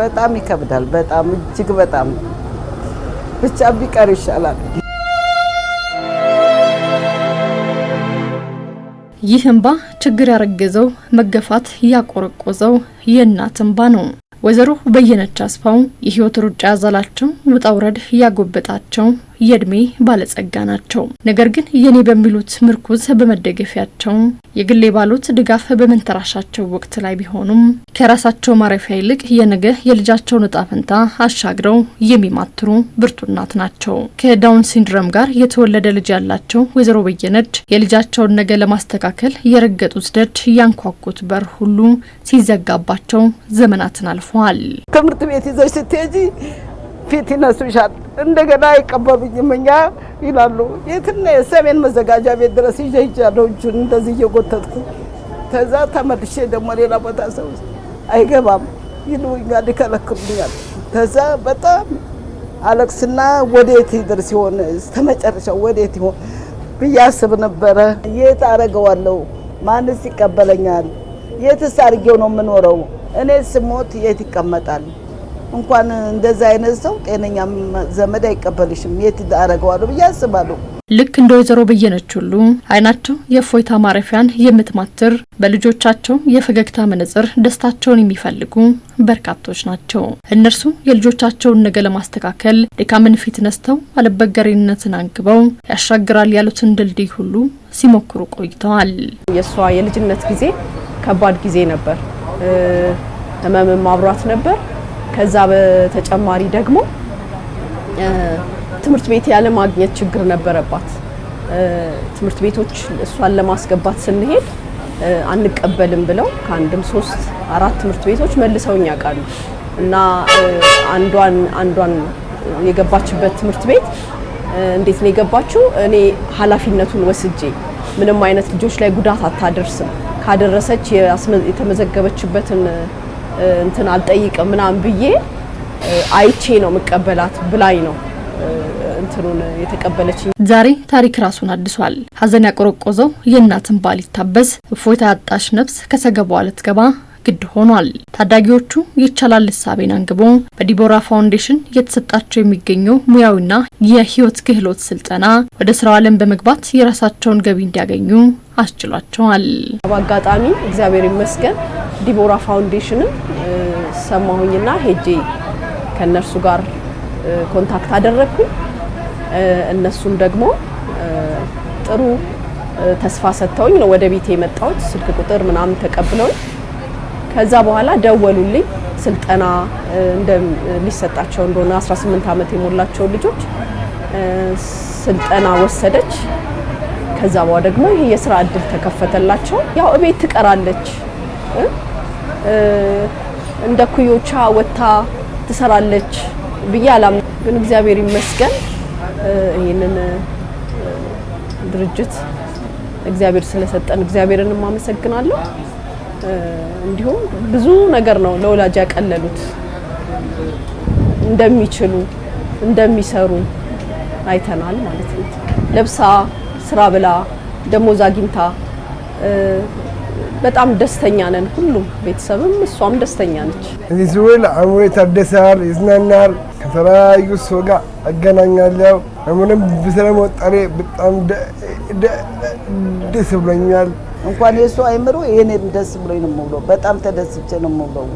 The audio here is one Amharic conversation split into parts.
በጣም ይከብዳል። በጣም እጅግ በጣም ብቻ ቢቀር ይሻላል። ይህ እንባ ችግር ያረገዘው መገፋት ያቆረቆዘው የእናት እንባ ነው። ወይዘሮ በየነች አስፋው የህይወት ሩጫ ያዛላቸው ውጣ ውረድ ያጎበጣቸው የእድሜ ባለጸጋ ናቸው። ነገር ግን የኔ በሚሉት ምርኩዝ በመደገፊያቸው የግሌ ባሉት ድጋፍ በመንተራሻቸው ወቅት ላይ ቢሆኑም ከራሳቸው ማረፊያ ይልቅ የነገ የልጃቸውን እጣ ፈንታ አሻግረው የሚማትሩ ብርቱ እናት ናቸው። ከዳውን ሲንድረም ጋር የተወለደ ልጅ ያላቸው ወይዘሮ በየነች የልጃቸውን ነገ ለማስተካከል የረገጡት ደጅ ያንኳኩት በር ሁሉ ሲዘጋባቸው ዘመናትን አልፎ ተገኝቷል። ትምህርት ቤት ይዘሽ ስትሄጂ ፊት ይነሱሻል። እንደገና አይቀበሉኝም እኛ ይላሉ። የትነ የሰሜን መዘጋጃ ቤት ድረስ ይዤ ሄጃለሁ። እጁን እንደዚህ እየጎተትኩ ከዛ ተመልሼ ደግሞ ሌላ ቦታ ሰው አይገባም ይሉኛል፣ ይከለክሉኛል። ከዛ በጣም አለቅስና ወዴት ይደርስ ሲሆን ተመጨረሻው ወዴት ይሆን ብዬ አስብ ነበረ። የት አረገዋለሁ? ማንስ ይቀበለኛል? የትስ አድርጌው ነው የምኖረው? እኔ ስሞት የት ይቀመጣል? እንኳን እንደዛ አይነት ሰው ጤነኛ ዘመድ አይቀበልሽም። የት አደርገዋለሁ ብዬ አስባለሁ። ልክ እንደ ወይዘሮ በየነች ሁሉ አይናቸው የእፎይታ ማረፊያን የምትማትር በልጆቻቸው የፈገግታ መነጽር ደስታቸውን የሚፈልጉ በርካቶች ናቸው። እነርሱ የልጆቻቸውን ነገ ለማስተካከል ድካምን ፊት ነስተው አለበገሬነትን አንግበው ያሻግራል ያሉትን ድልድይ ሁሉ ሲሞክሩ ቆይተዋል። የእሷ የልጅነት ጊዜ ከባድ ጊዜ ነበር። ህመምም ማብሯት ነበር። ከዛ በተጨማሪ ደግሞ ትምህርት ቤት ያለ ማግኘት ችግር ነበረባት። ትምህርት ቤቶች እሷን ለማስገባት ስንሄድ አንቀበልም ብለው ከአንድም ሶስት አራት ትምህርት ቤቶች መልሰውኝ ያውቃሉ። እና አንዷን አንዷን የገባችበት ትምህርት ቤት እንዴት ነው የገባችው? እኔ ኃላፊነቱን ወስጄ ምንም አይነት ልጆች ላይ ጉዳት አታደርስም ካደረሰች የተመዘገበችበትን እንትን አልጠይቅም ምናምን ብዬ አይቼ ነው የምቀበላት ብላኝ ነው እንትኑን የተቀበለች። ዛሬ ታሪክ ራሱን አድሷል። ሀዘን ያቆረቆዘው የእናትን ባል ይታበስ እፎይታ ያጣሽ ነፍስ ከሰገባዋ ልትገባ ግድ ሆኗል። ታዳጊዎቹ ይቻላል እሳቤን አንግቦ በዲቦራ ፋውንዴሽን እየተሰጣቸው የሚገኘው ሙያዊና የህይወት ክህሎት ስልጠና ወደ ስራው አለም በመግባት የራሳቸውን ገቢ እንዲያገኙ አስችሏቸዋል። በአጋጣሚ እግዚአብሔር ይመስገን ዲቦራ ፋውንዴሽንም ሰማሁኝና ሄጄ ከእነርሱ ጋር ኮንታክት አደረግኩኝ። እነሱም ደግሞ ጥሩ ተስፋ ሰጥተውኝ ነው ወደ ቤቴ የመጣሁት። ስልክ ቁጥር ምናምን ተቀብለውኝ ከዛ በኋላ ደወሉልኝ። ስልጠና ሊሰጣቸው እንደሆነ 18 ዓመት የሞላቸው ልጆች ስልጠና ወሰደች። ከዛ በኋላ ደግሞ ይሄ የስራ እድል ተከፈተላቸው። ያው እቤት ትቀራለች፣ እንደ ኩዮቻ ወጥታ ትሰራለች ብዬ አላም። ግን እግዚአብሔር ይመስገን ይህንን ድርጅት እግዚአብሔር ስለሰጠን እግዚአብሔርንም አመሰግናለሁ። እንዲሁም ብዙ ነገር ነው ለወላጅ ያቀለሉት እንደሚችሉ እንደሚሰሩ አይተናል ማለት ነው። ለብሳ ስራ ብላ ደሞዝ አግኝታ በጣም ደስተኛ ነን። ሁሉም ቤተሰብም እሷም ደስተኛ ነች። እዚህ ስውል አእምሮ ይታደሳል፣ ይዝናናል። ከተለያዩ ሰው ጋር አገናኛለሁ። አሁንም በጣም ደስ ብሎኛል። እንኳን የእሱ አይምሮ ይህኔም ደስ ብሎኝ ነው የምውለው። በጣም ተደስቼ ነው የምውለው።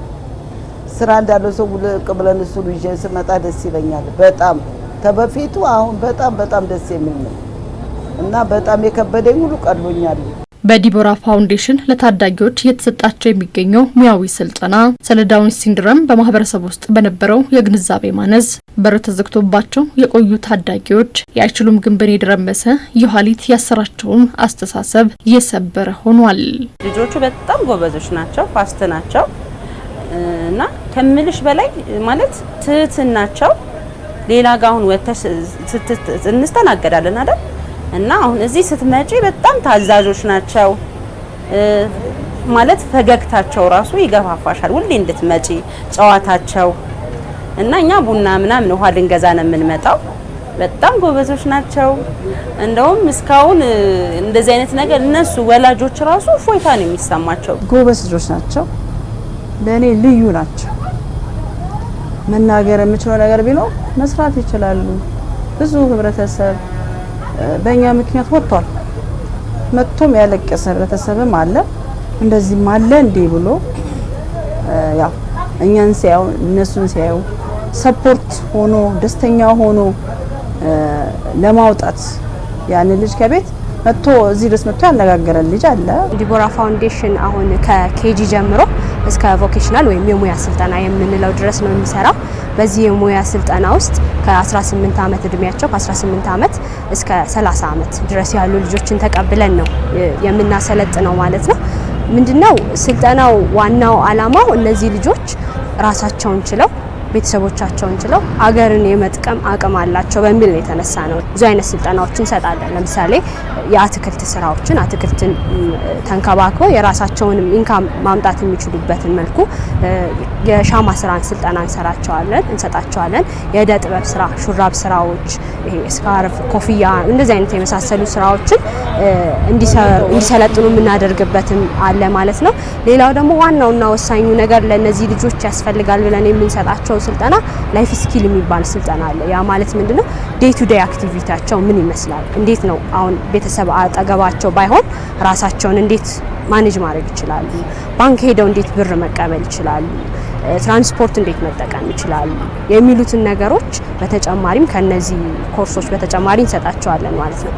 ስራ እንዳለው ሰው ልቅ ብለን እሱ ይዤ ስመጣ ደስ ይለኛል። በጣም ተበፊቱ አሁን በጣም በጣም ደስ የሚል ነው እና በጣም የከበደኝ ሁሉ ቀሎኛል። በዲቦራ ፋውንዴሽን ለታዳጊዎች እየተሰጣቸው የሚገኘው ሙያዊ ስልጠና ስለ ዳውን ሲንድረም በማህበረሰብ ውስጥ በነበረው የግንዛቤ ማነስ በር ተዘግቶባቸው የቆዩ ታዳጊዎች የአይችሉም ግንብን የደረመሰ የኋሊት ያሰራቸውን አስተሳሰብ እየሰበረ ሆኗል። ልጆቹ በጣም ጎበዞች ናቸው፣ ፋስት ናቸው እና ከምልሽ በላይ ማለት ትህትን ናቸው። ሌላ ጋሁን አሁን እንስተናገዳለን አይደል እና አሁን እዚህ ስትመጪ በጣም ታዛዦች ናቸው። ማለት ፈገግታቸው ራሱ ይገፋፋሻል ሁሌ እንድትመጪ ጨዋታቸው እና እኛ ቡና ምናምን ውሃ ልንገዛ ነው የምንመጣው። በጣም ጎበዞች ናቸው። እንደውም እስካሁን እንደዚህ አይነት ነገር እነሱ ወላጆች ራሱ እፎይታ ነው የሚሰማቸው። ጎበዝ ልጆች ናቸው፣ ለእኔ ልዩ ናቸው። መናገር የምችለው ነገር ቢኖር መስራት ይችላሉ። ብዙ ህብረተሰብ በእኛ ምክንያት ወጥቷል። መጥቶም ያለቀሰ ህብረተሰብም አለ፣ እንደዚህም አለ እንዴ ብሎ ያው እኛን ሲያዩ እነሱን ሲያዩ ሰፖርት ሆኖ ደስተኛ ሆኖ ለማውጣት ያን ልጅ ከቤት መጥቶ እዚህ ድረስ መጥቶ ያነጋገረን ልጅ አለ። ዲቦራ ፋውንዴሽን አሁን ከኬጂ ጀምሮ እስከ ቮኬሽናል ወይም የሙያ ስልጠና የምንለው ድረስ ነው የሚሰራው። በዚህ የሙያ ስልጠና ውስጥ ከ18 ዓመት እድሜያቸው ከ18 ዓመት እስከ 30 ዓመት ድረስ ያሉ ልጆችን ተቀብለን ነው የምናሰለጥነው ማለት ነው። ምንድነው ስልጠናው ዋናው አላማው እነዚህ ልጆች ራሳቸውን ችለው ቤተሰቦቻቸውን ችለው አገርን የመጥቀም አቅም አላቸው በሚል ነው የተነሳ ነው። ብዙ አይነት ስልጠናዎችን እንሰጣለን። ለምሳሌ የአትክልት ስራዎችን አትክልትን ተንከባክበው የራሳቸውንም ኢንካም ማምጣት የሚችሉበትን መልኩ የሻማ ስራን ስልጠና እንሰራቸዋለን እንሰጣቸዋለን። የእደ ጥበብ ስራ፣ ሹራብ ስራዎች፣ ስካርፍ፣ ኮፍያ እንደዚህ አይነት የመሳሰሉ ስራዎችን እንዲሰለጥኑ የምናደርግበትም አለ ማለት ነው። ሌላው ደግሞ ዋናውና ወሳኙ ነገር ለእነዚህ ልጆች ያስፈልጋል ብለን የምንሰጣቸው የምንሰጠው ስልጠና ላይፍ ስኪል የሚባል ስልጠና አለ። ያ ማለት ምንድነው? ዴይ ቱ ዴይ አክቲቪቲያቸው ምን ይመስላል? እንዴት ነው አሁን ቤተሰብ አጠገባቸው ባይሆን ራሳቸውን እንዴት ማኔጅ ማድረግ ይችላሉ? ባንክ ሄደው እንዴት ብር መቀበል ይችላሉ? ትራንስፖርት እንዴት መጠቀም ይችላሉ? የሚሉትን ነገሮች በተጨማሪም ከነዚህ ኮርሶች በተጨማሪ እንሰጣቸዋለን ማለት ነው።